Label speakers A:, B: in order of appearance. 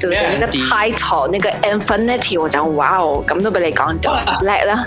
A: 對，嗰個 title，嗰個 infinity，我講哇哦，咁都俾你講到叻啦。